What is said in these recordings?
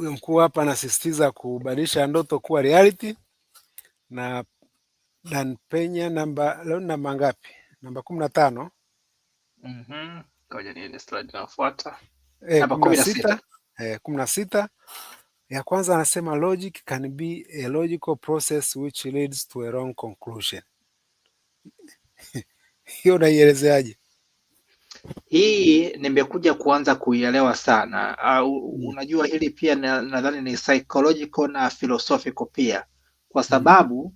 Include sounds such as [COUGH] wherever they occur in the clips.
huyu mkuu hapa anasisitiza kubadilisha ndoto kuwa reality na Dan Penya namba leo namba ngapi? Namba kumi na tano. Mhm. Ngoja niende Eh, Eh, Ya kwanza anasema logic can be a logical process which leads to a wrong conclusion. [LAUGHS] Hiyo unaielezeaje? hii nimekuja kuanza kuielewa sana. Uh, unajua hili pia nadhani na ni psychological na philosophical pia, kwa hmm. sababu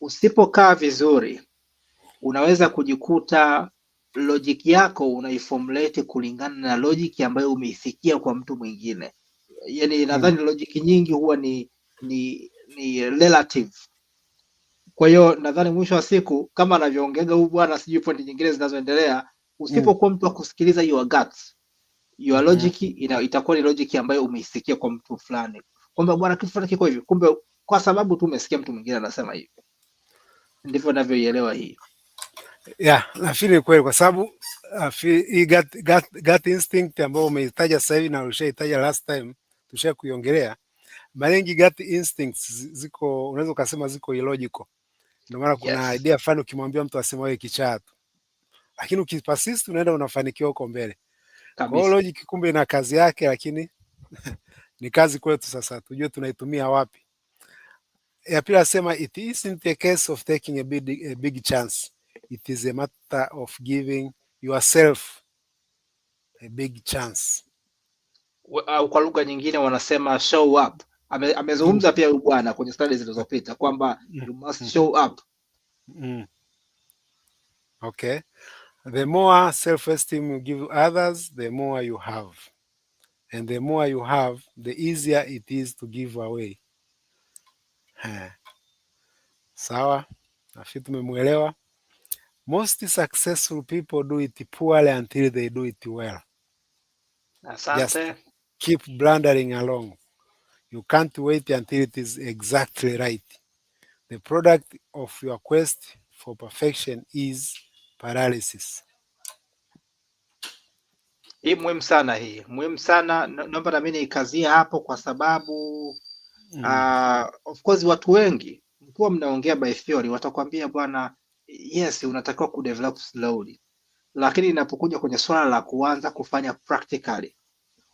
usipokaa vizuri unaweza kujikuta logic yako unaiformulate kulingana na logic ambayo umeisikia kwa mtu mwingine. Yani hmm. nadhani logic nyingi huwa ni ni ni relative. Kwa hiyo nadhani mwisho wa siku kama anavyoongega huyu bwana, sijui pointi nyingine zinazoendelea Usipokuwa mtu wa kusikiliza your guts, your mm-hmm. logic ina, itakuwa ni logic ambayo umeisikia kwa mtu fulani kwamba bwana kitu fulani kiko hivi, kumbe kwa sababu tu umesikia mtu mwingine anasema hivi. Ndivyo ninavyoielewa hii. ya Yeah, nafikiri ni kweli kwa sababu uh, hii gut, gut, gut instinct ambayo umeitaja sasa hivi na ulishaitaja last time tusha kuiongelea. Mara nyingi gut instincts ziko unaweza ukasema ziko illogical. Ndio maana kuna yes, idea fulani ukimwambia mtu asema wewe kichaa tu lakini ukipersist unaenda unafanikiwa huko mbele. Kwa hiyo logic kumbe ina kazi yake, lakini [LAUGHS] ni kazi kwetu sasa, tujue tunaitumia wapi. Ya pili asema it isn't a case of taking a big, a big chance it is a matter of giving yourself a big chance. kwa lugha nyingine wanasema show up. Ame, amezungumza pia huyu bwana kwenye studies zilizopita kwamba you must mm. show up. Mm. Okay. The more self-esteem you give others, the more you have. And the more you have, the easier it is to give away. Eh. Sawa? Nafikiri Most successful people do it poorly until they do it well. Asante. Just keep blundering along. You can't wait until it is exactly right. The product of your quest for perfection is paralysis. Hii muhimu sana, hii muhimu sana, naomba nami nikazia hapo kwa sababu mm. uh, of course watu wengi mkuwa mnaongea by theory, watakwambia bwana, yes unatakiwa develop slowly, lakini inapokuja kwenye swala la kuanza kufanya practically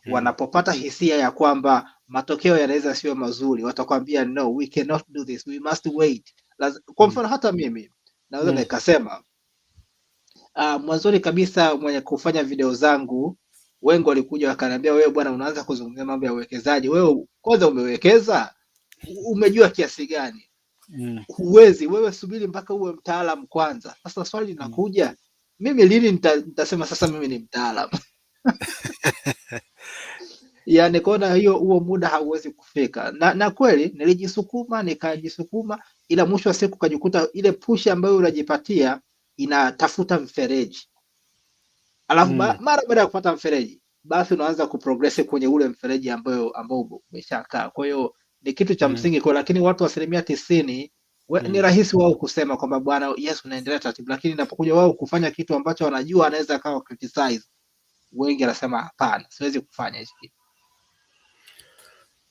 mm. wanapopata hisia ya kwamba matokeo yanaweza sio mazuri, watakwambia no, we cannot do this, we must wait. Kwa mm. mfano hata mimi naweza mm. nikasema Uh, mwanzoni kabisa mwenye kufanya video zangu wengi walikuja wakaniambia, wewe bwana, unaanza kuzungumzia mambo ya uwekezaji, wewe kwanza umewekeza, umejua kiasi gani? mm. Huwezi wewe, subiri mpaka uwe mtaalam kwanza. Sasa swali mm. linakuja, mm. mimi lini nitasema sasa mimi ni mtaalam? [LAUGHS] Yani kuona hiyo, huo muda hauwezi kufika na, na kweli nilijisukuma nikajisukuma, ila mwisho wa siku kajikuta ile push ambayo unajipatia inatafuta mfereji alafu hmm. mara baada ya kupata mfereji basi unaanza kuprogresi kwenye ule mfereji ambayo ambao umeshakaa. Kwa hiyo ni kitu cha mm. msingi kwa, lakini watu asilimia tisini we, mm. ni rahisi wao kusema kwamba bwana, yes unaendelea taratibu, lakini inapokuja wao kufanya kitu ambacho wanajua anaweza akawa criticize, wengi anasema hapana, siwezi kufanya hichi kitu.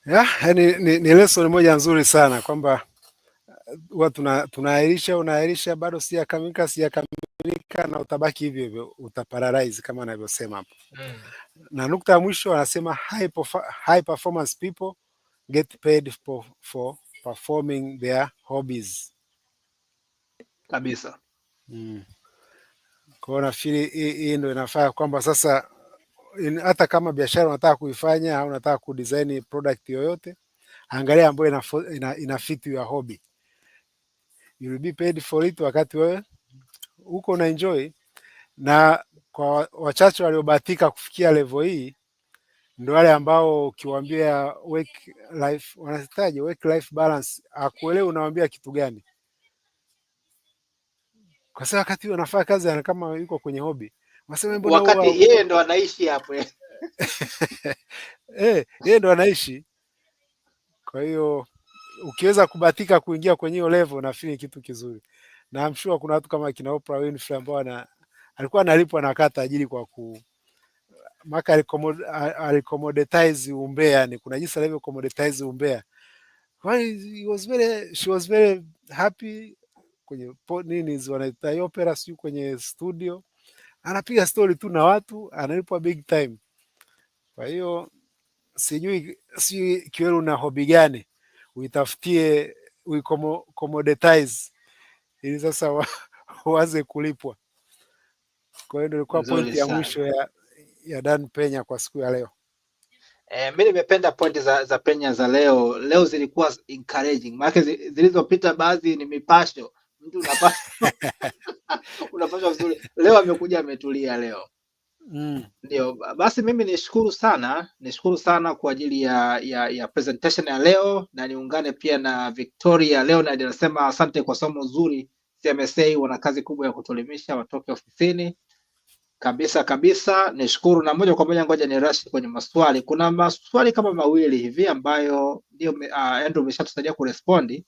Yeah, ni, ni, ni lesson moja nzuri sana kwamba huwa tuna tunaahirisha, unaahirisha, bado sijakamilika, sijakamilika, na utabaki hivyo hivyo, utaparalyze kama anavyosema hapo mm. Na nukta ya mwisho anasema high, high performance people get paid for, for performing their hobbies kabisa mm. Kwao nafikiri hii ndio inafaa kwamba sasa hata kama biashara unataka kuifanya au unataka kudesign product yoyote, angalia ambayo ina, ina, ina fit your hobby you will be paid for it, wakati wewe huko na enjoy. Na kwa wachache waliobahatika kufikia level hii ndio wale ambao ukiwaambia work life, wanahitaji work life balance, akuelewi unawaambia kitu gani, kwa sababu wakati huo anafanya kazi ana kama yuko kwenye hobby, waseme mbona wakati yeye ndo anaishi hapo [LAUGHS] eh, yeye ndo anaishi. Kwa hiyo ukiweza kubatika kuingia kwenye hiyo level, nafikiri kitu kizuri, na I'm sure kuna watu kama kina Oprah Winfrey ambao ana alikuwa analipwa na kata ajili kwa ku maka alikomoditize umbea, ni kuna jinsi alivyo commoditize umbea. Kwa He was very, she was very happy kwenye nini zi wanaita opera, sio kwenye studio, anapiga story tu na watu, analipwa big time. Kwa hiyo sijui si kiwelu na hobi gani? uitafutie uicommoditize ili sasa wa, [LAUGHS] waze kulipwa. Kwa hiyo ndio ilikuwa pointi ya mwisho ya, ya Dan Penya kwa siku ya leo. Eh, mi nimependa pointi za, za Penya za leo. Leo zilikuwa encouraging, maana zilizopita baadhi ni mipasho mtu unapasha [LAUGHS] [LAUGHS] vizuri. Leo amekuja ametulia leo Mm. Ndio, basi mimi nishukuru sana, nishukuru sana kwa ajili ya, ya, ya presentation ya leo na niungane pia na Victoria leo na anasema asante kwa somo zuri. CMSA wana kazi kubwa ya kutuelimisha watoke ofisini kabisa kabisa. Nishukuru na moja kwa moja, ngoja ni rush kwenye maswali. Kuna maswali kama mawili hivi ambayo ndio uh, Andrew umeshatusaidia kurespondi